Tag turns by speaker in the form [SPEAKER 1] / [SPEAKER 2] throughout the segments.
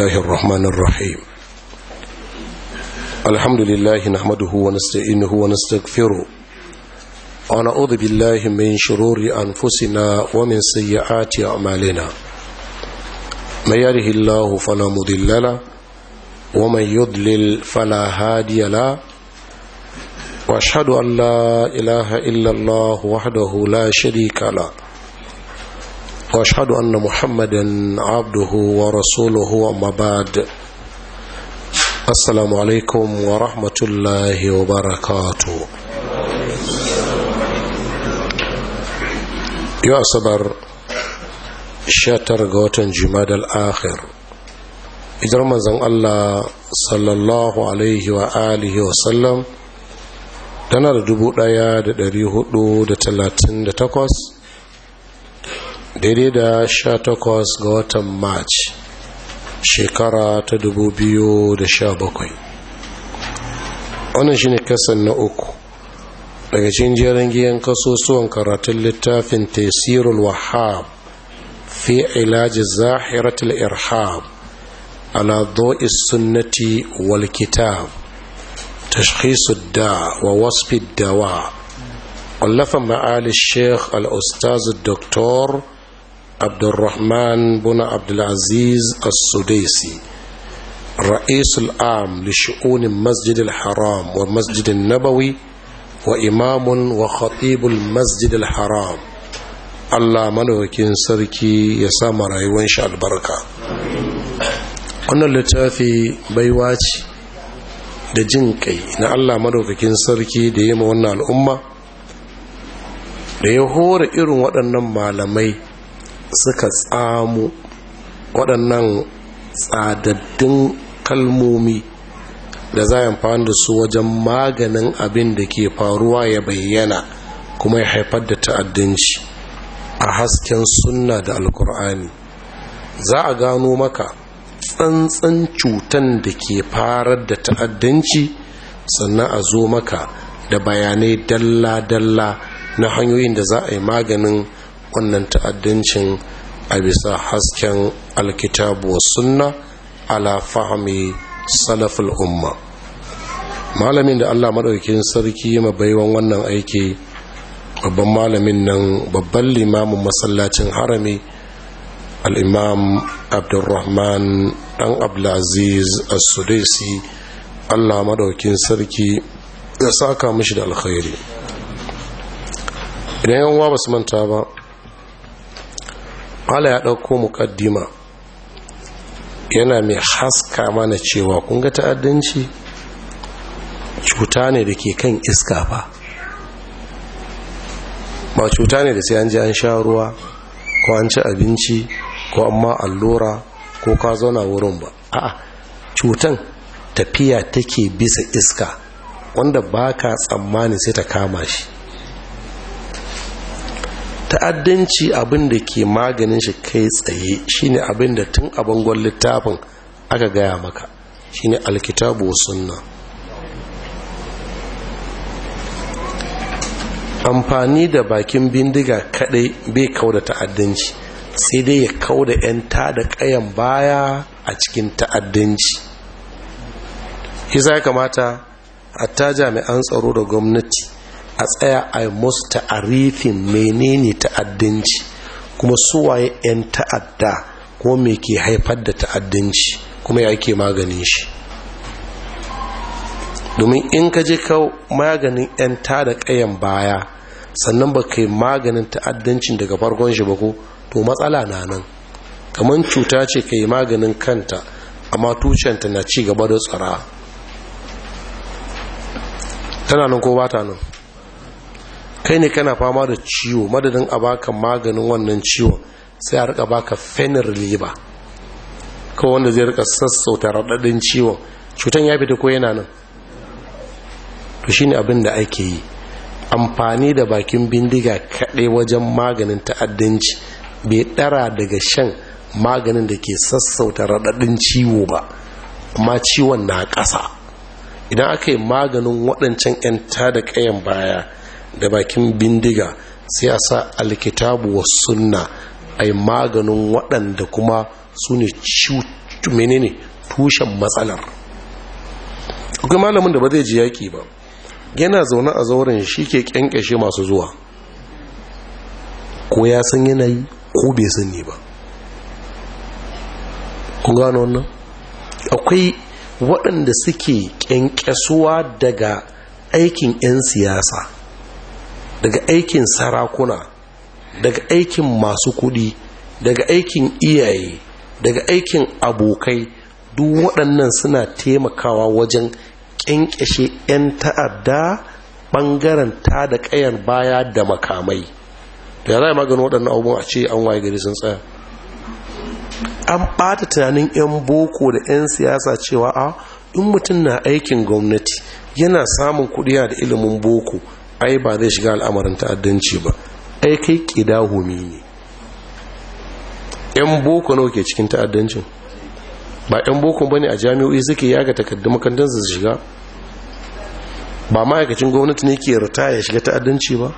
[SPEAKER 1] الله الرحمن الرحيم الحمد لله نحمده ونستعينه ونستغفره ونعوذ بالله من شرور أنفسنا ومن سيئات أعمالنا ما يره الله فلا مضل له ومن يضلل فلا هادي له واشهد أن لا إله إلا الله وحده لا شريك له واشهد ان محمدا عبده ورسوله اما بعد السلام عليكم ورحمه الله وبركاته يا صبر شاتر غوتن جماد الاخر idan manzon Allah sallallahu alaihi wa alihi wa sallam tana da dubu ɗaya da ɗari hudu da talatin da takwas daidai da sha takwas ga watan march shekara ta dubu biyu da sha bakwai. wannan shine kasan na uku daga cikin jerin giyan kasusuwan karatun littafin tesirul wahab fi ilaji zahiratul irhab ala do'is sunnati wal kitab wa الداء dawa الدواء ma'ali shekh al الأستاذ الدكتور abdurrahman bin abdulaziz as-sudaisi رئيس haram لشؤون المسجد nabawi wa imamun wa وخطيب المسجد haram. Allah manawakin sarki ya sama rayuwar shi albarka wannan littafi baiwa ce da jin kai na Allah manawakin sarki da yi ma wannan al'umma da ya hore irin waɗannan malamai suka tsamu waɗannan tsadaddun kalmomi da za a amfani da su wajen maganin abin da ke faruwa ya bayyana kuma ya haifar da ta'addanci a hasken sunna da alkur'ani za a gano maka tsantsan cutan da ke farar da ta'addanci sannan a zo maka da bayanai dalla-dalla na hanyoyin da za a yi maganin wannan ta'addancin a bisa hasken alkitabu wa sunna ala fahimi salaful umma malamin da allah maɗaukin sarki mabaiwan wannan aiki babban malamin nan babban limamin masallacin harami al'imam abdulrahman ɗan abdulaziz as-sudaisi allah maɗaukin sarki ya saka mashi da alkhairi idan yan uwa basu manta ba mala ya ɗauko mukaddima yana mai haska mana cewa kunga ta'addanci cuta ne da ke kan iska ba ba cuta ne da sai an ji an sha ruwa ko an ci abinci ko amma allura ko ka zauna wurin ba a'a cutan tafiya take bisa iska wanda ba ka tsammani sai ta kama shi ta'addanci abin da ke maganin shi kai tsaye shine abin da tun a bangon littafin aka gaya maka shine alkitabu sunna amfani da bakin bindiga kadai bai kauda ta'addanci sai dai ya kauda 'yan ta da kayan baya a cikin ta'addanci isa ya kamata a ta jami'an tsaro da gwamnati a tsaya a musu ta'arifin menene ta'addanci kuma suwaye 'yan ta'adda ko me ke haifar da ta'addanci kuma ya ke maganin shi domin in ka je ka maganin 'yan da kayan baya sannan ba yi maganin ta'addancin daga farkon shi ba ko to matsala na nan kamar cuta ce ka yi maganin kanta amma tushenta na ci gaba da tsara tana nan ko ba ta nan kai ne kana fama da ciwo madadin a baka maganin wannan ciwon sai a rika baka fenar liba kawai wanda zai rika sassauta raɗaɗin ciwon cutan ya fita ko yana nan to shine abin da ake yi amfani da bakin bindiga kaɗai wajen maganin ta'addanci bai ɗara daga shan maganin da ke sassauta raɗaɗin ciwo ba amma ciwon na ƙasa idan aka yi maganin waɗancan 'yan da ƙayan baya da bakin bindiga sai a sa alkitabu wa sunna a yi maganin waɗanda kuma su ne menene tushen matsalar akwai malamin da ba zai ji yaƙi ba yana zaune a zauren shi ke ƙyanƙyashe masu zuwa ko ya san yanayi ko bai sani ba kun gano wannan akwai waɗanda suke ƙyanƙyasuwa daga aikin 'yan siyasa daga aikin sarakuna daga aikin masu kudi daga aikin iyaye daga aikin abokai duk waɗannan suna taimakawa wajen ƙyanƙyashe 'yan ta'adda ɓangaren ta da ƙayar baya da makamai da ya maganin waɗannan abubuwan a ce an waye gari sun tsaya an ɓata tunanin 'yan boko da 'yan siyasa cewa a in mutum na aikin gwamnati yana samun kuɗi da ilimin boko ai ba zai shiga al'amarin ta'addanci ba ai kai kidahumi ne yan boko nawa ke cikin ta'addancin ba yan boko ne a jami'o'i suke yaga takaddu makandan su shiga ba ma'aikacin gwamnati ne ke rita shiga ta'addanci ba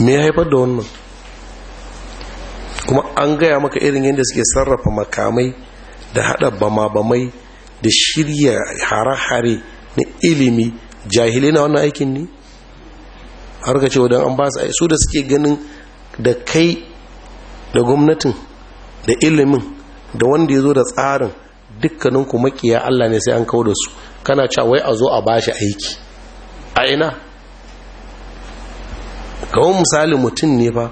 [SPEAKER 1] me ya haifar da wannan kuma an gaya maka irin yadda suke sarrafa makamai da haɗa bama-bamai da shirya hare-hare na ilimi jahilai na wannan aikin ne har ka ce wadanda an ba su su da suke ganin da kai da gwamnatin da ilimin da wanda ya zo da tsarin dukkanin ku makiya Allah ne sai an kawo da su kana cewa wai a zo a ba shi aiki a ina kawo misali mutum ne fa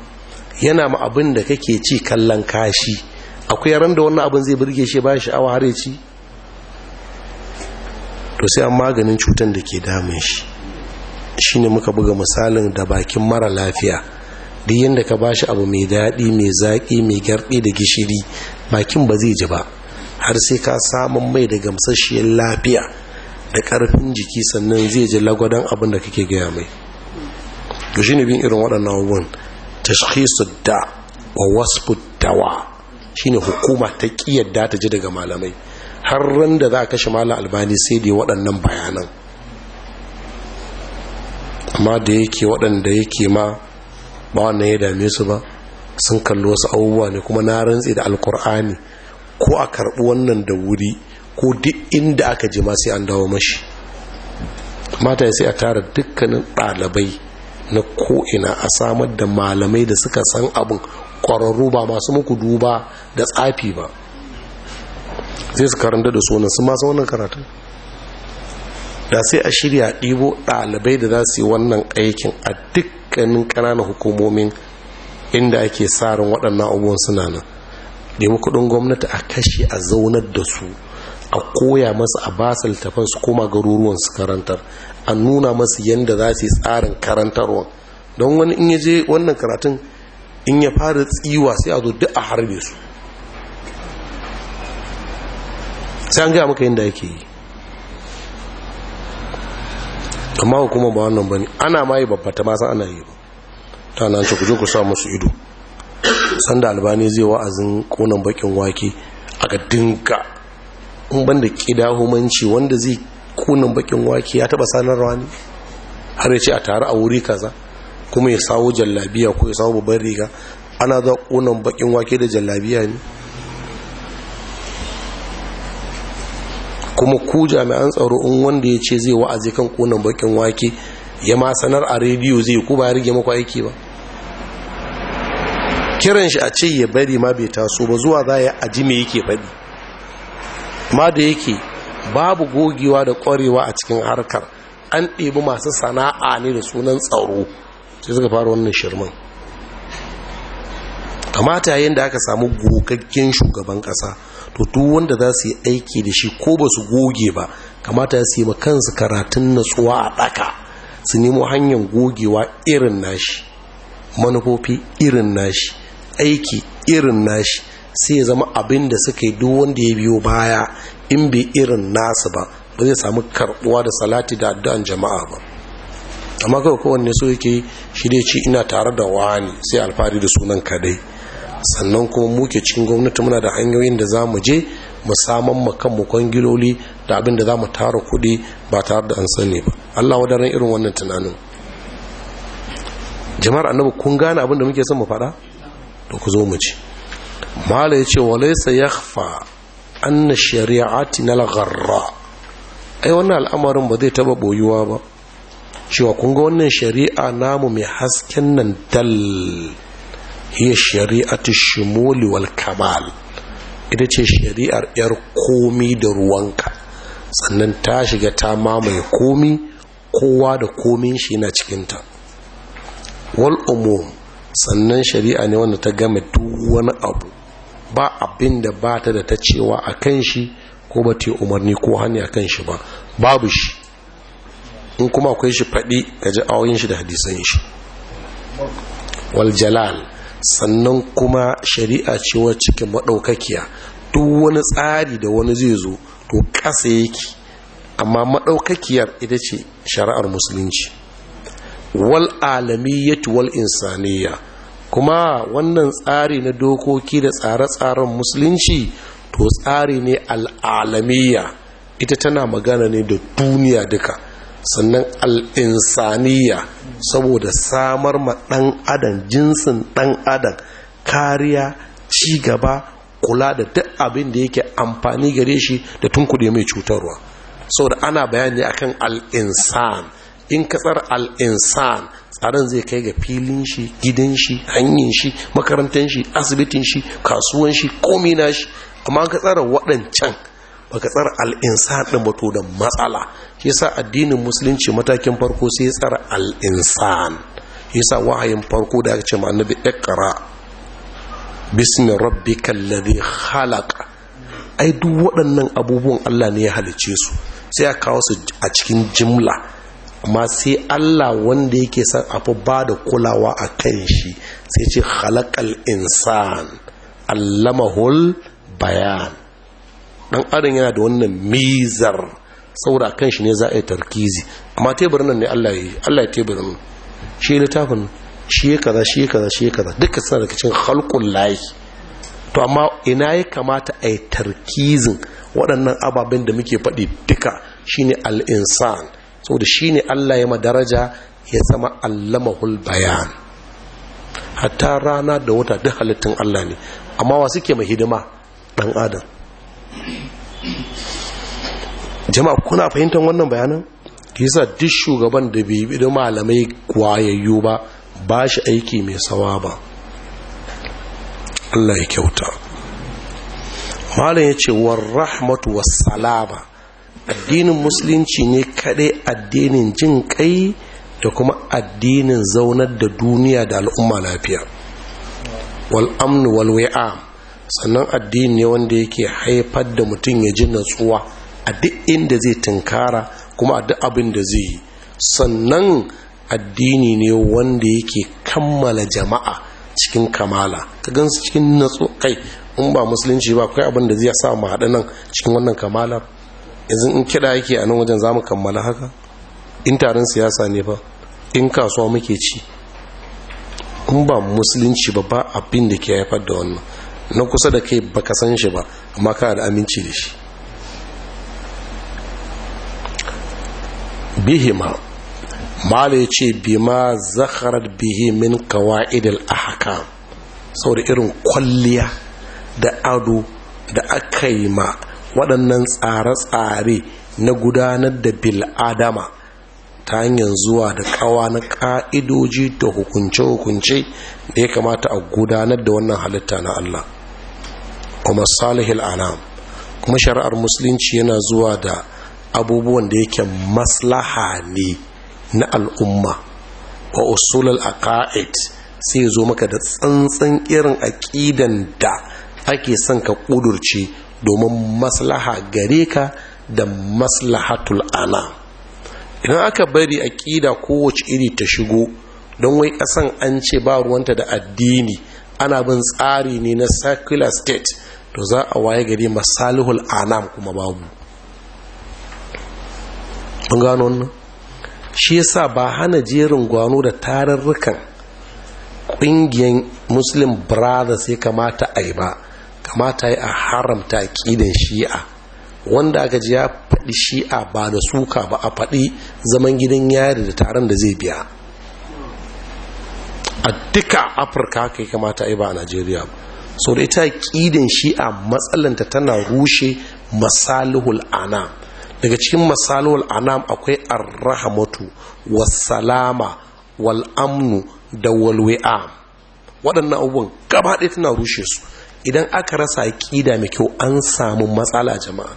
[SPEAKER 1] yana ma abin da kake ci kallon kashi akwai ran da wannan abin zai burge shi ba sha'awa har ya ci to sai an maganin cutar da ke damun shi shine muka buga misalin da bakin mara lafiya duk yadda ka ba shi abu mai daɗi mai zaƙi mai garɗi da gishiri bakin ba zai ji ba har sai ka samun mai da gamsasshiyar lafiya da ƙarfin jiki sannan zai ji lagwadon abin da kake gaya mai to ne bin irin waɗannan abubuwan tashkhisud da wa wasu dawa shine hukuma ta ƙiyar da ta ji daga malamai har ran da za a kashe malam albani sai da waɗannan bayanan amma da yake waɗanda yake ma ba wannan ya dame su ba sun kalli wasu abubuwa ne kuma na rantse da alkur'ani ko a karɓi wannan da wuri ko duk inda aka ji ma sai an dawo mashi mata sai a tara dukkanin ɗalibai na ko'ina a samar da malamai da suka san abin ƙwararru ba masu muku duba da tsafi ba sai su karanta da sunan su masu wannan karatun da sai a shirya ɗibo ɗalibai da za su yi wannan aikin a dukkanin ƙananan hukumomin inda ake tsarin waɗannan abubuwan suna nan ɗibo kuɗin gwamnati a kashe a zaunar da su a koya masu a basu littafan su koma garuruwan su karantar a nuna masu yadda za su yi tsarin karantarwa don wani in ya je wannan karatun in ya fara tsiwa sai a zo duk a harbe su sai an gaya maka yadda yake yi amma hukumar ba wannan bane ana ma yi babbata ma san ana yi ba ta nan ce ku je ku sa musu ido sanda albani zai wa'azin konan bakin wake aka dinka in banda kida humanci wanda zai konan bakin wake ya taba sanarwa ne har ya ce a tare a wuri kaza kuma ya sawo jallabiya ko ya sawo babban riga ana za konan bakin wake da jallabiya ne kuma ku jami'an tsaro in wanda ya ce zai wa'azi kan kunan bakin wake ya ma sanar a rediyo zai ku ba ya rige maku aiki ba kiran shi a ce ya bari ma bai taso ba zuwa za ya aji me yake faɗi ma da yake babu gogewa da ƙwarewa a cikin harkar an ɗebi masu sana'a ne da sunan tsaro sai suka fara wannan shirman kamata yayin da aka samu gogaggen shugaban ƙasa to duk wanda za su yi aiki da shi ko ba su goge ba kamata su yi ma kansu karatun natsuwa a ɗaka su nemo hanyar gogewa irin nashi manufofi irin nashi aiki irin nashi sai ya zama abin da suka yi duk wanda ya biyo baya in bai irin nasu ba ba zai samu karɓuwa da salati da addu'an jama'a ba amma kawai kowanne so yake shi dai ce ina tare da wani sai alfahari da sunan kadai sannan kuma muke cikin gwamnati muna da hanyoyin da za mu je mu saman mu mu kwangiloli da abin da za mu tara kuɗi ba tare da an sani ba Allah wadaran irin wannan tunanin jama'ar annabi kun gane abin da muke son mu faɗa to ku zo mu ci mala ya ce walaysa yakhfa anna shari'atina na gharra ai wannan al'amarin ba zai taba boyuwa ba cewa kun ga wannan shari'a namu mai hasken nan dal hiya shari'atu shimoli wal kamal ita ce shari'ar yar komi da ruwanka sannan ta shiga ta mamaye komi kowa da komin shi na cikinta wal umum sannan shari'a ne wanda ta game duk wani abu ba abin da ba ta da ta cewa a kan shi ko ba ta umarni ko hannu a kan shi ba babu shi in kuma akwai shi faɗi ga ji shi da hadisan shi wal jalal sannan kuma shari'a ce wacce ke maɗaukakiya duk wani tsari da wani zai zo to ƙasa yake amma maɗaukakiyar ita ce shari'ar musulunci wal alamiyyatu wal insaniya kuma wannan tsari na dokoki da tsare-tsaren musulunci to tsari ne al'alamiyya ita tana magana ne da duniya duka sannan al'insaniya saboda samar ma ɗan adam jinsin ɗan adam kariya ci gaba kula da duk abin da yake amfani gare shi da tunkuɗe mai cutarwa saboda ana bayani a kan al'insan in katsar al'insan tsarin zai kai ga filin shi gidan shi hanyar shi makarantar shi asibitin shi kasuwan shi komina na shi amma ka tsara waɗancan baka tsara al'insan ɗin ba to da matsala shi sa addinin musulunci matakin farko sai ya tsara al'insan shi sa wahayin farko da aka ce ma annabi ikra bismi rabbikal ladhi khalaq ai duk waɗannan abubuwan Allah ne ya halice su sai a kawo su a cikin jimla amma sai Allah wanda yake san abu ba da kulawa a kan shi sai ce khalaqal insan allamahul bayan dan adam yana da wannan mizar saura kan shi ne za a yi tarkizi amma teburin nan ne Allah ya yi Allah ya teburin nan shi littafin shi ya kaza shi ya kaza shi ya kaza duka suna daga cikin halkun layi to amma ina ya kamata a yi tarkizin waɗannan ababen da muke faɗi duka shine al da saboda ne Allah ya madaraja ya zama allamahul bayan hatta rana da wata duk halittun Allah ne amma wa suke mai hidima ɗan adam jama'a kuna fahimtar wannan bayanan kisa duk shugaban da bai bi da malamai kwayayyu ba ba shi aiki mai sawa ba Allah ya kyauta malam ya ce war rahmatu was salama addinin musulunci ne kaɗai addinin jin kai da kuma addinin zaunar da duniya da al'umma lafiya wal amnu wal sannan addini ne wanda yake haifar da mutum ya ji natsuwa a duk inda zai tunkara kuma a duk abin da zai yi sannan addini ne wanda yake kammala jama'a cikin kamala ka gansu cikin natsu kai in ba musulunci ba kai abin da zai sa mu haɗa nan cikin wannan kamalar yanzu in kiɗa yake a nan wajen za mu kammala haka in taron siyasa ne ba in kasuwa muke ci in ba musulunci ba ba abin da ke haifar da wannan na kusa da kai baka san shi ba amma kana da aminci da shi bihima mala ya ce bima zakharar bihi min kawa'idil ahkam saboda irin kwalliya da ado da aka yi ma waɗannan tsare-tsare na gudanar da bil'adama ta hanyar zuwa da kawa na ka'idoji da hukunce-hukunce da ya kamata a gudanar da wannan halitta na Allah kuma salihil anam kuma shari'ar musulunci yana zuwa da abubuwan da yake maslaha ne na al'umma wa usulul aqaid sai zo maka da tsantsan irin aqidan da ake son ka kudurce domin maslaha gare ka da maslahatul ana idan aka bari aqida kowace iri ta shigo don wai kasan an ce ba ruwanta da addini ana bin tsari ne na circular state to za a waye gare masalihul anam kuma babu an gano wannan shi yasa ba hana jerin gwano da tarurrukan ƙungiyar muslim brothers ya kamata a yi ba kamata yi a haramta ƙidan shi'a wanda aka ji ya faɗi shi'a ba da suka ba a faɗi zaman gidan yari da taron da zai biya a duka afirka ka ya kamata a yi ba a najeriya ba sau da ita ƙidan shi'a matsalanta tana rushe masalihul anam daga cikin masalul anam akwai arrahamatu wasalama wal'amnu alamnu da walwi'a waɗannan abubuwan gaba ɗaya tana rushe su idan aka rasa ƙida mai kyau an samu matsala jama'a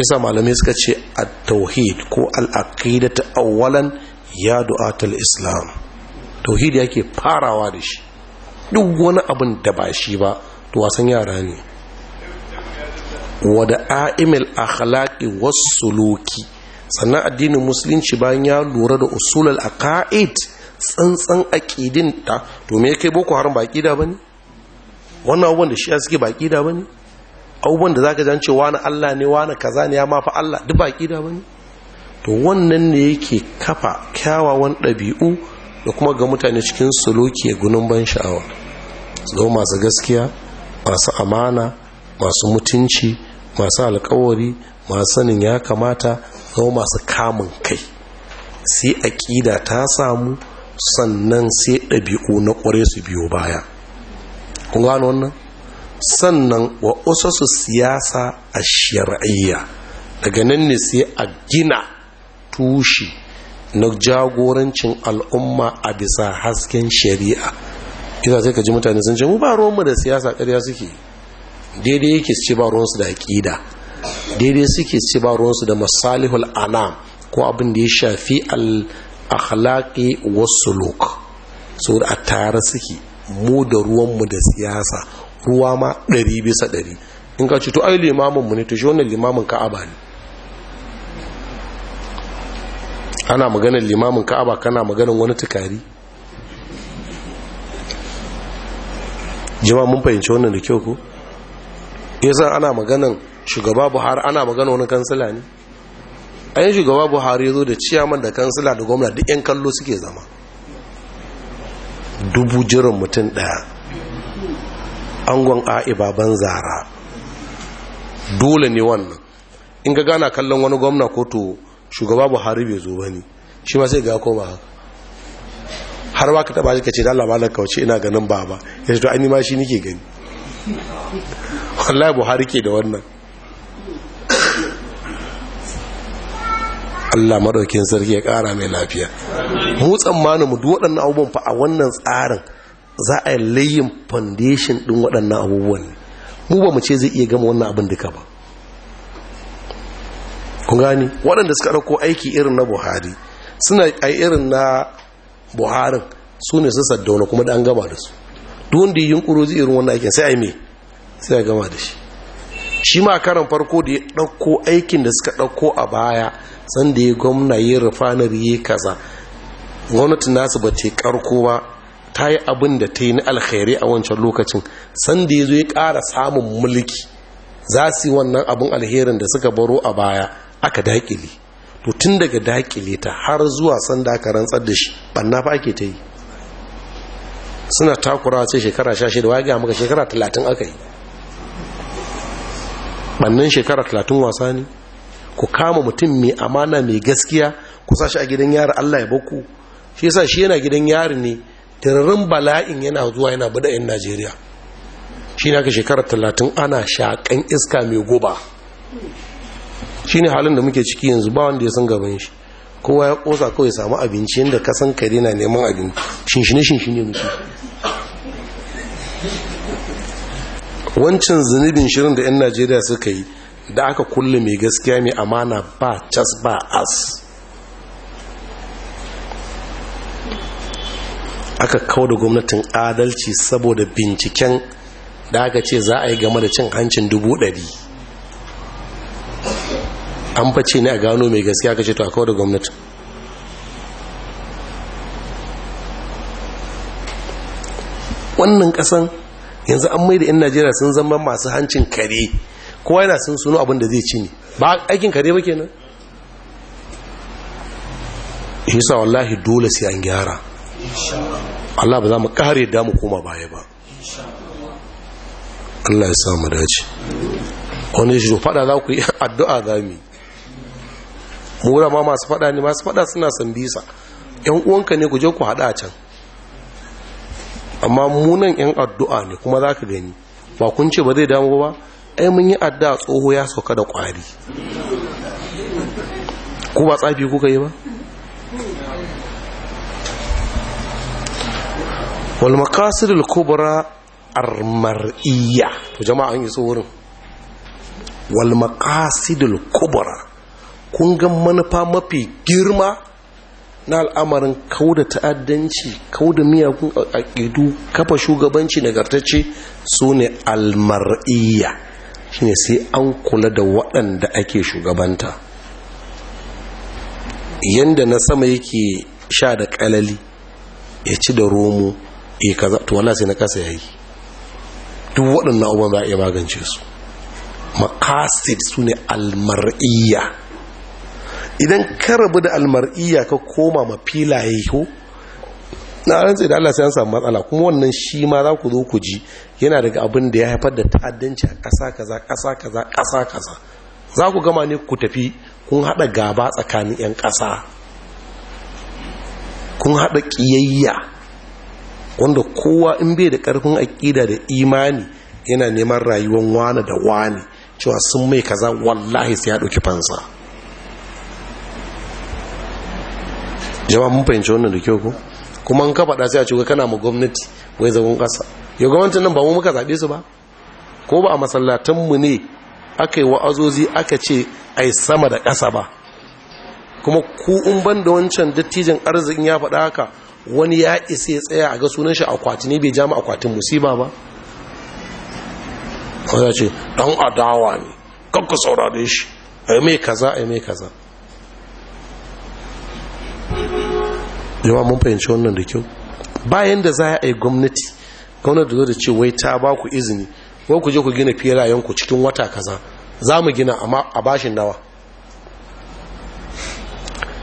[SPEAKER 1] isa malamai suka ce a tauhid ko al'aƙida ta awwalan ya du'atul islam tauhid yake farawa da shi duk wani abin da ba shi ba to wasan yara ne wa da a'imil akhlaqi was suluki sannan addinin musulunci bayan ya lura da usulul aqaid tsantsan aqidin ta to me yake boko haram ba aqida bane wannan abun da shi ya suke ba aqida bane abubuwan da zaka jance wani Allah ne wani kaza ne ya mafi Allah duk ba aqida bane to wannan ne yake kafa kyawawan ɗabi'u da kuma ga mutane cikin suluki ya gunun ban sha'awa zo masu gaskiya masu amana masu mutunci masu alkawari masu sanin ya kamata zama masu kamun kai sai aƙida ta samu sannan sai ɗabi'u na ƙware su biyo baya kun gano wannan sannan wa usasu siyasa a shari'ayya daga nan ne sai a gina tushe na jagorancin al'umma a bisa hasken shari'a ina sai ka ji mutane sun ce mu ba ruwanmu da siyasa ƙarya suke daidai yake su ba ruwansu da aƙida daidai suke su ba ruwansu da masalihul ana ko abin da ya shafi al-akhlaqi was-suluk da a tare suke mu da ruwanmu da siyasa ruwa ma ɗari bisa ɗari in ka ce to ai limamin mu ne to shi wannan limamin ka'aba ne ana maganar limamin ka'aba kana maganar wani tukari jima mun fahimci wannan da kyau ko yasa ana maganan shugaba buhari ana magana wani kansila ne ayin shugaba buhari zo da ciyaman da kansila da gwamna duk 'yan kallo suke zama dubu jiran mutum daya angon a'iba ban zara dole ne wannan in ga gana kallon wani gwamna ko to shugaba buhari bai zo ba ne shi ma sai ga koma haka har ba ka taba shi ka ce da lamalar kauce ina ganin baba ya to an ma shi nike gani wallahi buhari ke da wannan Allah maɗaukin sarki ya ƙara mai lafiya mu tsammanin mu duk waɗannan abubuwan fa a wannan tsarin za a yi layin foundation ɗin waɗannan abubuwan ne mu ba mu ce zai iya gama wannan abin duka ba kun gani waɗanda suka ɗauko aiki irin na buhari suna a irin na buharin su ne su saddauna kuma da an gama da su duk wanda yi yunkuro zai irin wannan aikin sai a yi mai sai gama da shi shi ma karan farko da ya ɗauko aikin da suka ɗauko a baya sanda ya gwamna ya rufanar ya kaza gwamnatin nasu ba ce karko ba ta yi abin da ta yi na alkhairi a wancan lokacin sanda ya zo ya ƙara samun mulki za su yi wannan abin alherin da suka baro a baya aka daƙile to tun daga daƙile ta har zuwa sanda aka rantsar da shi banna fa ake ta yi suna takurawa sai shekara sha shida wa ya maka shekara talatin aka yi bannan shekara talatin wasa ne ku kama mutum mai amana mai gaskiya ku sa shi a gidan yari allah ya baku shi yasa shi yana gidan yari ne tirarin bala'in yana zuwa yana bada yan najeriya shi ne aka shekara talatin ana shakan iska mai goba shi ne halin da muke ciki yanzu ba wanda ya san gaban shi kowa ya kosa kawai samu abinci yadda kasan kare na neman abinci shinshine shinshine muke wancan zunubin shirin da 'yan najeriya suka yi da aka kulle mai gaskiya mai amana ba cas ba as aka kawo da gwamnatin adalci saboda binciken da aka ce za a yi game da cin hancin dubu ɗari an face ne a gano mai gaskiya aka ce to a kawo da gwamnatin wannan kasan. yanzu an mai da 'yan najeriya sun zama masu hancin kare kowa yana sun suno abin da zai ci ne ba aikin kare ba kenan isa wallahi dole sai an gyara Allah ba za mu kare damu koma baya ba Allah ya samu dace wani shi fada za ku yi addu'a za mu mura ma masu fada ne masu fada suna sambisa yan uwanka ne ku je ku hada a can amma munan yan addu'a ne kuma za ka gani ba kun ce ba zai damu ba ai mun yi addu'a tsoho ya sauka da kwari ko ba tsafi kuka yi ba wal al kubra armar'iyya to jama'a an yi wurin wal makasidul kubra kun ga manufa mafi girma na al'amarin da ta'addanci kauda miyagun aƙidu kafa shugabanci nagartacce su ne almar'iyya shine sai an kula da waɗanda ake shugabanta Yadda na sama yake sha da ƙalali ya ci da romo ya kaza to wala sai na ƙasa yi. duk waɗannan abubuwan za a iya magance su makasid su ne almar'iyya idan ka rabu da almar'iyya ka koma ma filaye ko na rantse da Allah sai an samu matsala kuma wannan shi ma za ku zo ku ji yana daga abin da ya haifar da ta'addanci a ƙasa kaza ƙasa kaza ƙasa kaza za ku gama ne ku tafi kun haɗa gaba tsakanin 'yan ƙasa kun haɗa ƙiyayya wanda kowa in bai da ƙarfin aƙida da imani yana neman rayuwar wane da wane cewa sun mai kaza wallahi sai ya ɗauki fansa jama'a mun fahimci wannan da kyau ko kuma an ka faɗa sai a ce kana mu gwamnati wai zagon ƙasa yau gwamnatin nan ba mu muka zaɓe su ba ko ba a mu ne aka yi wa'azozi aka ce ai sama da ƙasa ba kuma ku in ban da wancan dattijan arzikin ya faɗa haka wani ya isa ya tsaya a ga sunan shi akwati ne bai ja mu akwatin musiba ba ko ya ce dan adawa ne kakka saurare shi ai mai kaza ai mai kaza yawa mun fahimci wannan da kyau bayan da za a yi gwamnati gwamnati da zo da ce wai ta ba ku izini wai ku je ku gina fiye ku cikin wata kaza za mu gina amma a bashin dawa.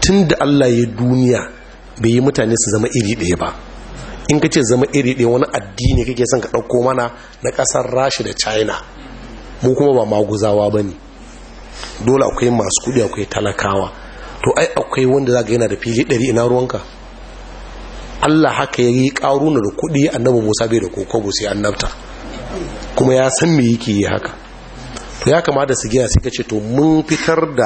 [SPEAKER 1] tun da allah ya duniya bai yi mutane su zama iri ɗaya ba in ka ce zama iri ɗaya wani addini kake son ka ɗauko mana na ƙasar rashi da china mu kuma ba maguzawa ba ne dole akwai masu kuɗi akwai talakawa to ai akwai wanda za ka yana da fili ɗari ina ruwanka Allah haka yayi ƙaruna da kuɗi annabi Musa bai da kokobo sai annabta kuma ya san me yake yi haka to ya kamata su gina sai ka ce to mun fitar da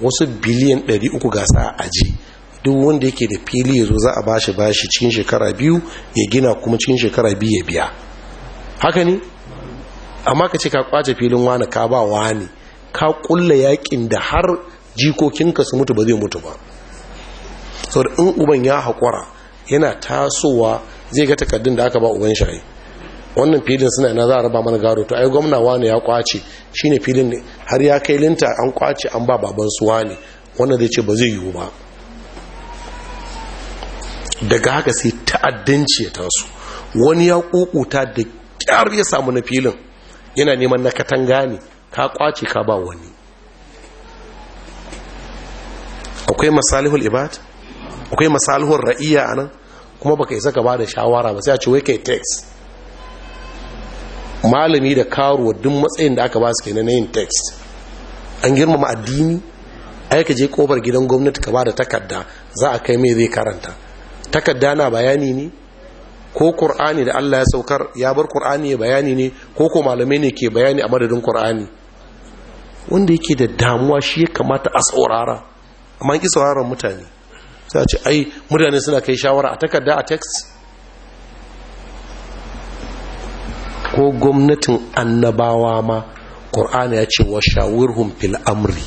[SPEAKER 1] wasu biliyan 300 ga sa aji duk wanda yake da fili yazo za a bashi bashi cikin shekara biyu ya gina kuma cikin shekara biyu ya biya haka ne amma ka ce ka kwace filin wani ka ba wani ka kulla yakin da har jikokinka su mutu ba zai mutu ba sau da in uban ya haƙura yana tasowa zai ga takardun da aka ba uban shi wannan filin suna na za a raba mana garo to ai gwamna wani ya kwace shine filin ne. har ya kai linta an kwace an ba baban su wani wannan zai ce ba zai yiwu ba daga haka sai ta'addanci ya taso wani ya kukuta da kyar ya samu na filin yana neman na katanga ne ka kwace ka ba wani akwai masalihul ibad akwai masalihul ra'iya anan kuma baka isa ka bada shawara ba sai a ce wai kai text malami da karuwa duk matsayin da aka ba su kenan na yin text an girmama addini ai ka je kofar gidan gwamnati ka bada takarda za a kai mai zai karanta takarda na bayani ne ko qur'ani da Allah ya saukar ya bar qur'ani ya bayani ne ko ko malamai ne ke bayani a madadin qur'ani wanda yake da damuwa shi ya kamata a saurara amma ki saurara mutane sai a ce ai mutane suna kai shawara a takarda a text ko gwamnatin annabawa ma ƙur'ani ya ce wa shawirhum fil amri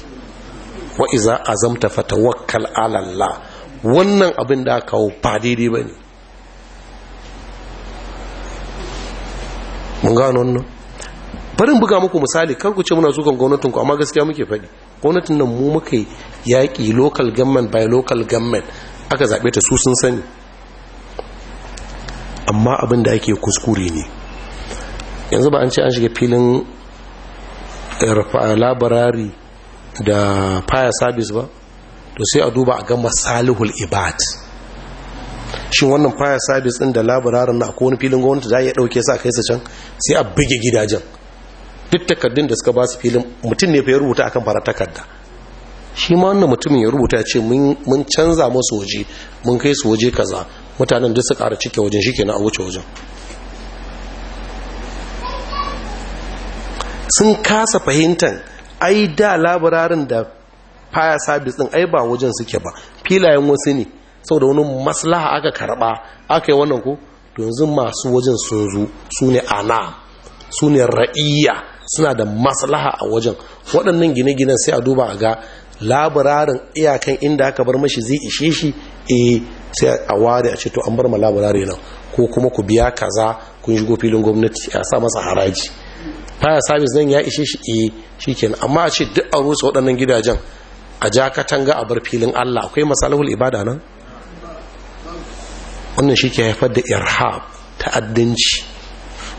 [SPEAKER 1] wa iza azamta fatawakkal ala alalla, wannan abin da kawo ba daidai ba ne mun gano wannan barin buga muku misali kar ku ce muna zukan gwamnatinku, amma gaskiya muke faɗi gwamnatin nan mu muka yaƙi local government by local government aka zaɓe ta su sun sani amma abin da ake kuskure ne yanzu ba an ce an shiga filin eh, labarari da fire service ba to sai a duba a gama masalihul ibad shi wannan fire service din da labararin na akwai wani filin gwamnati za a iya ɗauke sa kai sa can sai a bige gidajen duk takardun da suka ba su filin mutum ne fa ya rubuta akan fara takarda shi ma wannan mutumin ya rubuta ce mun canza musu waje mun kai su waje kaza mutanen duk su ƙara cike wajen shike na a wuce wajen sun kasa fahimtar ai da labararin da fire service din ai ba wajen suke ba filayen wasu ne saboda wani maslaha aka karba aka yi wannan ko to yanzu masu wajen sun zo su ne ana su ne ra'iyya suna da maslaha a wajen waɗannan gine-ginen sai a duba a ga labararin iyakan inda aka bar mashi zai ishe shi eh sai a ware a ce to an bar ma labarari nan ko kuma ku biya kaza kun shigo filin gwamnati a sa masa haraji fire service nan ya ishe shi eh shikenan amma a ce duk a rusa waɗannan gidajen a ja katanga a bar filin Allah akwai masalahul ibada nan wannan shi ke haifar da irhab ta'addanci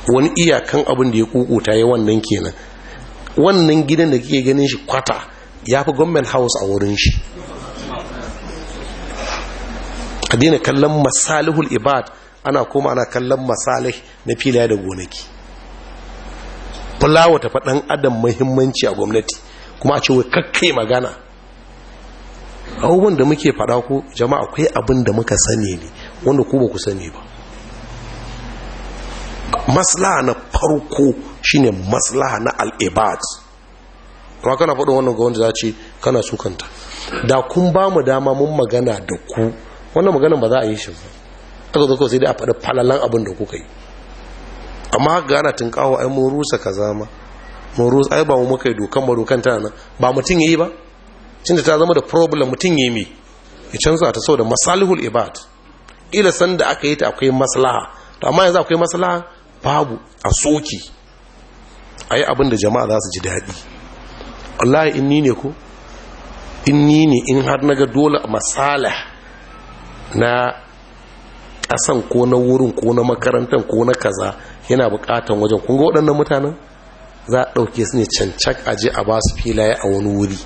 [SPEAKER 1] wani iyakan abin da ya kukuta ya wannan kenan wannan gidan da kike ganin shi kwata ya fi government house a wurin shi a dina kallon masalihul ibad ana koma ana kallon masalih na filaya da gonaki fulawa ta adam mahimmanci a gwamnati kuma a ce wai kakkai magana abubuwan da muke faɗa ko jama'a akwai abin da muka sani ne wanda ku ba ku sani ba maslaha na farko shine maslaha na al'ibad kuma kana faɗin wannan gwamnati za ce kana sukanta da kun ba mu dama mun magana da ku wannan maganan ba za a yi shi ba aka zo sai dai a faɗi falalan abin da kuka yi amma haka gana tun kawo ai mun rusa kaza ma mun rusa ai ba mu muka yi dokan ba dokan ta nan ba mutum yayi ba tunda ta zama da problem mutum yayi me ya canza ta da masalihul ibad ila san da aka yi ta akwai maslaha to amma yanzu akwai maslaha babu a soke a yi abin jama'a za su ji daɗi Allah in ni ne ko in ni ne in har na ga dole matsala na ƙasan ko na wurin ko na makarantar ko na kaza yana buƙatan wajen kunga ga waɗannan mutanen za a ɗauke su ne cancak a je a ba su filaye a wani wuri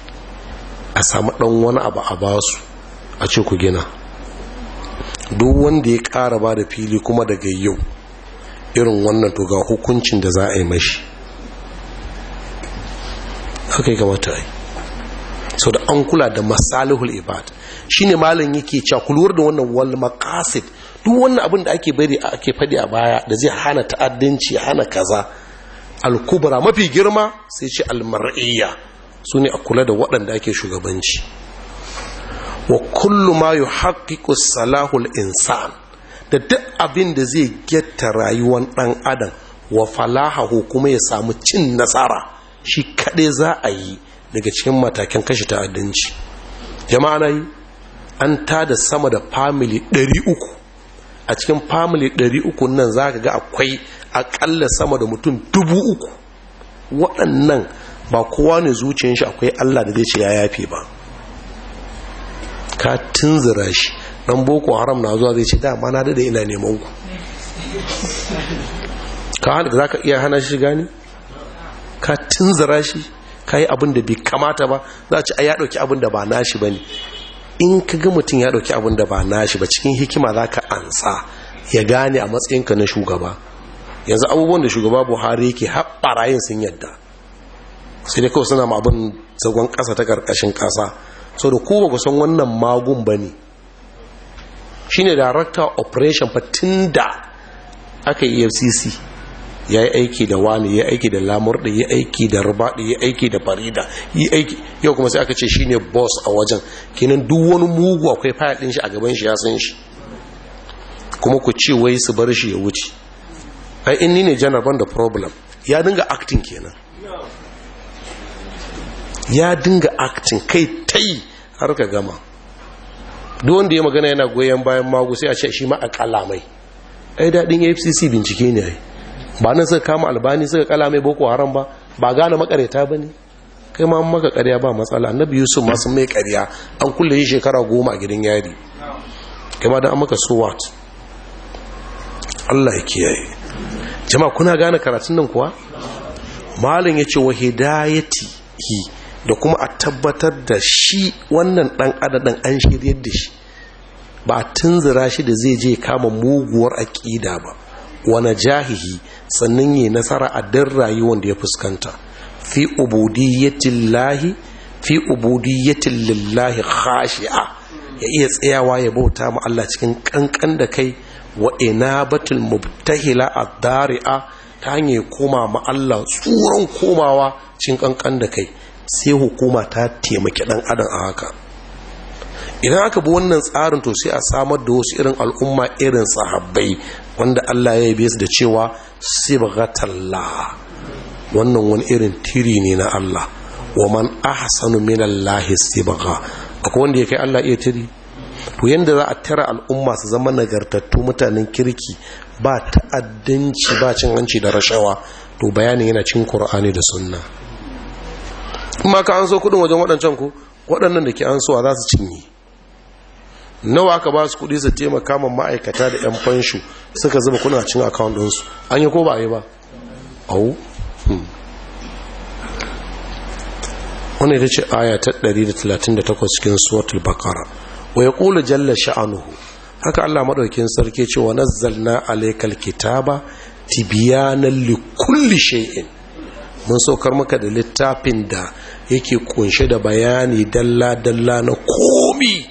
[SPEAKER 1] a samu ɗan wani abu a ba su a ce ku gina duk wanda ya ƙara ba da fili kuma daga yau irin wannan to ga hukuncin da za a yi mashi haka yi kamata yi sau da an kula da masalihul ibad shi ne malam yake cakulwar da wannan wal duk wannan abin da ake bari ake fadi a baya da zai hana ta'addanci hana kaza alkubra mafi girma sai ce almar'iyya Su ne a kula da waɗanda ake shugabanci wa kullu ma yuhaqqiqu salahul insan da duk abin da zai getta rayuwar ɗan adam wa falahahu kuma ya samu cin nasara shi kaɗai za a yi daga cikin matakin kashe ta'addanci jama'a na yi an tada sama da famili 300 a cikin famili 300 nan za ga akwai aƙalla sama da mutum uku. waɗannan ba kowa ne zuciyar shi akwai allah da zai ce ya yafe ba ka tunzura shi dan boko haram na zuwa zai ce dama na dade ina neman ku ka hana za ka iya hana shi shiga ne ka tunzura shi ka yi abin da bai kamata ba za ci a ya ɗauki abin da ba nashi ba ne in ka ga mutum ya ɗauki abin da ba nashi ba cikin hikima za ka ansa ya gane a matsayin ka na shugaba yanzu abubuwan da shugaba buhari yake haɓara yin sun yadda sai dai kawai suna ma abin zagon ƙasa ta ƙarƙashin ƙasa sau da ku ba san wannan magun ba shine director operation fa da aka yi e fcc ya yi aiki da wani ya aiki da lamurda ya aiki da rubaɗi ya aiki da farida ya aiki yau kuma sai aka ce shine boss a wajen kinan duk wani mugu akwai faɗin shi a gaban shi ya san shi kuma ku ce wai su bar shi ya wuce ai in ni ne janar ban da problem ya dinga acting kenan ya dinga acting kai tai har ka gama duk wanda ya magana yana goyon bayan magu sai a ce shi a kala mai ai daɗin fcc bincike ne ai ba nan suka kama albani suka kala mai boko haram ba ba gane makareta ba ne kai ma maka karya ba matsala annabi yusuf ma sun mai karya an kulle shi shekara goma a gidan yari kai ma dan an maka so what Allah ya kiyaye jama'a kuna gane karatun nan kuwa malam ya ce wa hidayati hi da kuma a tabbatar da shi wannan dan adadin an shiryar da shi ba tunzura shi da zai je kama muguwar aƙida ba wani jahihi sannan yi nasara a dan rayuwar da ya fuskanta fi ubudiyyatin lahi fi ubudiyyatin lillahi khashi'a ya iya tsayawa ya bauta ma Allah cikin kankan da kai wa inabatul mubtahila ad-dari'a ta hanyar koma ma Allah tsoron komawa cikin kankan da kai sai hukuma ta taimaki dan adam a haka idan aka bi wannan tsarin to sai a samar da wasu irin al'umma irin sahabbai wanda Allah ya bai su da cewa talla. wannan wani irin tiri ne na Allah wa man ahsanu minallahi sibgha akwai wanda ya kai Allah iya tiri to yadda za a tara al'umma su zama nagartattu mutanen kirki ba ta'addanci ba cin hanci da rashawa to bayanin yana cin kur'ani da sunna kuma ka an so kudin wajen waɗancan ku waɗannan da ke an sowa za su cinye nawa aka ba su kudi su taimaka ma ma'aikata da 'yan fanshu suka zuba kuna cin akawun ɗinsu an yi ko ba a yi ba au hmm. wani ita ce aya ta 138 cikin suwatul bakara wa ya ƙula jalla sha'anuhu haka allah maɗaukin sarki ce wa nazzalna alaikal kitaba tibiyanan likulli shay'in mun saukar maka da littafin da yake kunshe da bayani dalla-dalla na komi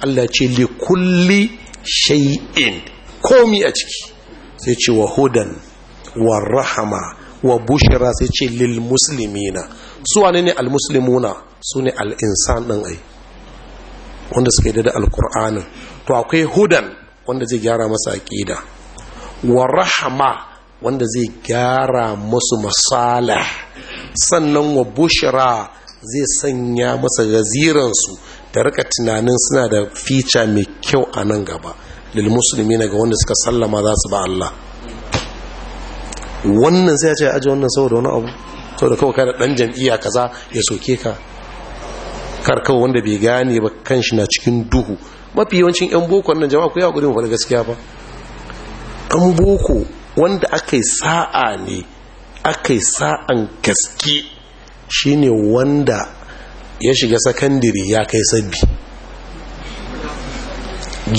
[SPEAKER 1] Allah ce li kulli shay'in komi a ciki sai ce wa hudan wa rahama wa bushira sai ce lil muslimina su wane ne al muslimuna su ne al insan din ai wanda suka yi da alkur'anin to akwai hudan wanda zai gyara masa aqida wa rahama wanda zai gyara masu masala sannan wa bushra zai sanya masa gaziransu da rika tunanin suna da fica mai kyau a nan gaba lil musulmi ga wanda suka sallama za su ba Allah wannan sai ya ce aji wannan saboda wani abu saboda kawai kada dan jam'iyya kaza ya soke ka kar kawai wanda bai gane ba kanshi na cikin duhu mafi yawancin yan boko nan jama'a ku yi gudun faɗi gaskiya ba an boko wanda aka yi sa'a ne aka yi sa'an gaske shine wanda ya shiga sakandiri ya kai sabbi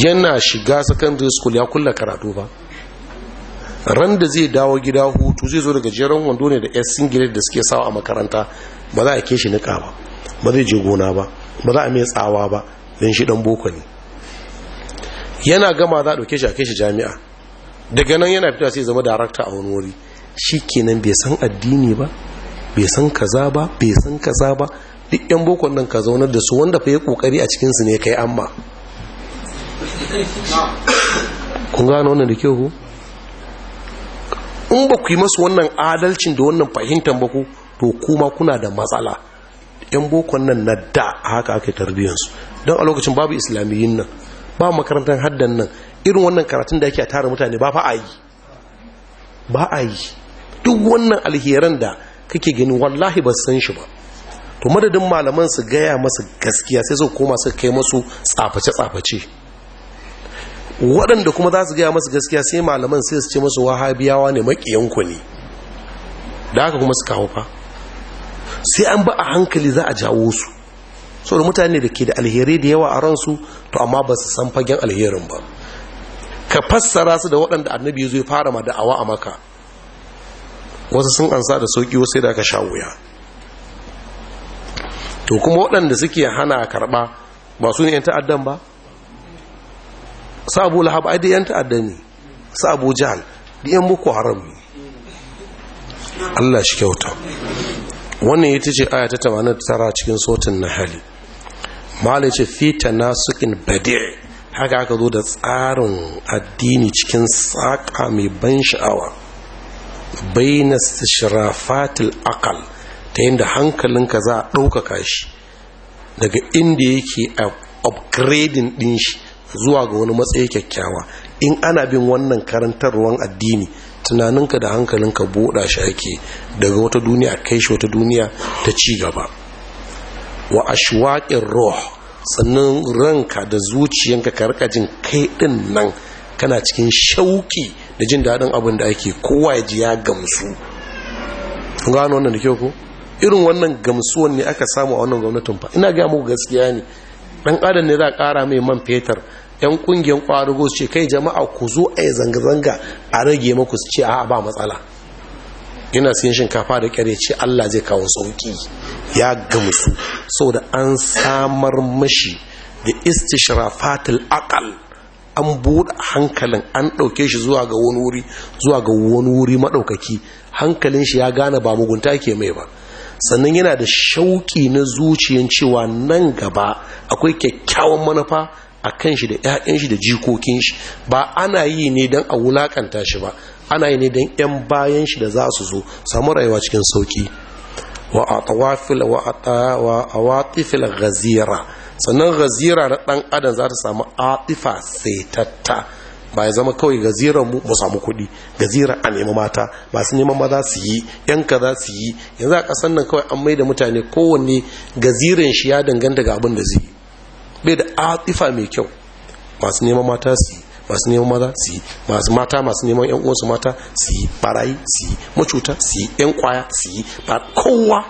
[SPEAKER 1] yana shiga sakandiri school ya kulla karatu ba ran da zai dawo gida hutu zai zo daga jeron wando ne da yan singilet da suke sawa a makaranta ba za a ke shi nika ba ba zai je gona ba ba za a mai tsawa ba don shi dan boko yana gama za a ɗauke shi a kai shi jami'a daga nan yana fita sai zama darakta a wani wuri shi kenan bai san addini ba bai san kaza ba bai san kaza ba duk yan bokon nan ka zaunar da su wanda fa ya kokari a cikinsu ne kai amma kun gano wannan da kyau in ba ku yi masu wannan adalcin da wannan fahimtar ba ku to kuma kuna da matsala yan bokon nan na da haka ake tarbiyyarsu don a lokacin babu islamiyyin nan ba makarantar haddan nan irin wannan karatun da ake a tara mutane ba fa yi ba a yi duk wannan alheran da kake gani wallahi ba san shi ba to madadin malaman su gaya masa gaskiya sai su koma su kai masu tsaface-tsaface waɗanda kuma za su gaya masu gaskiya sai malaman sai su ce masu wahabiyawa ne maƙiyanku ne da haka kuma su kawo fa sai an ba a hankali za a jawo su saboda mutane da ke da alheri da yawa a ransu to amma ba su san fagen alherin ba ka fassara su da waɗanda annabi zai fara ma da'awa a maka wasu sun sa da sauƙi wasu sai da aka sha wuya to kuma waɗanda suke hana karɓa ba su ne 'yan ta'addan ba sa abu lahab ai da 'yan ta'adda ne sa abu da 'yan muku haram ne Allah shi kyauta wannan ya ce aya ta 89 cikin sotin na hali malai ce fita na sukin badi' haka aka zo da tsarin addini cikin saƙa mai ban sha'awa bai baina shirafatil akal ta yadda hankalinka za a ɗaukaka shi daga inda yake a upgrading ɗin shi zuwa ga wani matsayi kyakkyawa in ana bin wannan karantarwar addini tunaninka da hankalinka buɗa shi ake daga wata duniya kai shi wata duniya ta ci gaba wa ashwaƙin roh sannan ranka da zuciyanka ka rika jin kai din nan kana cikin shauki da jin daɗin abin da ake kowa ya ji ya gamsu gano wannan da kyau ko irin wannan gamsuwan ne aka samu a wannan gwamnatin fa ina ga muku gaskiya ne dan adam ne za a ƙara mai man fetur yan ƙungiyar ƙwararru su ce kai jama'a ku zo a yi zanga-zanga a rage maku su ce a ba matsala yana siyan shinkafa da kyare ce Allah zai kawo sauki ya gamsu da an samar mashi da istishrafatul aqal an buɗe hankalin an ɗauke shi zuwa ga wani wuri zuwa ga wani wuri maɗaukaki hankalin shi ya gane ba mugunta ke mai ba sannan yana da shauƙi na zuciyan cewa nan gaba akwai kyakkyawan manufa a kan shi da 'ya'yan shi da jikokin shi ba ana yi ne don a wulaƙanta shi ba ana yi ne don 'yan bayan shi da za su zo samu rayuwa cikin sauki wa a tawafil wa a watifil gazira sannan gazira na dan adam za ta samu atifa setatta ba ya zama kawai gazira mu samu kuɗi gazira a nema mata masu neman maza su yi yan za su yi yanzu a ƙasar nan kawai an da mutane kowanne gaziran shi ya danganta ga abin da zai yi bai da atifa mai kyau masu neman mata su yi masu neman maza su yi masu mata masu neman yan uwansu mata su yi barayi su yi macuta su yi yan kwaya su yi ba kowa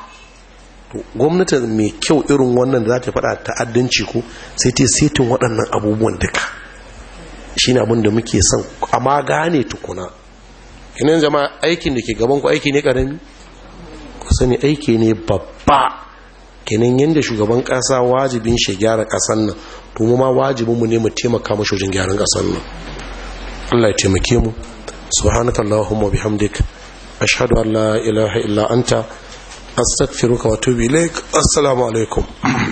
[SPEAKER 1] to gwamnati mai kyau irin wannan da za ta faɗa ta'addanci ko sai ta setin waɗannan abubuwan duka shi ne abin da muke son amma gane tukuna kinan jama'a aikin da ke gaban ku aiki ne ƙarami ku sani aiki ne babba kenan yadda shugaban kasa wajibin shi gyara kasan nan to mu ma wajibin mu ne mu taimaka mashi wajen gyaran kasan nan Allah ya taimake mu subhanaka allahumma bihamdik ashhadu an la ilaha illa anta astaghfiruka wa atubu ilaik assalamu alaikum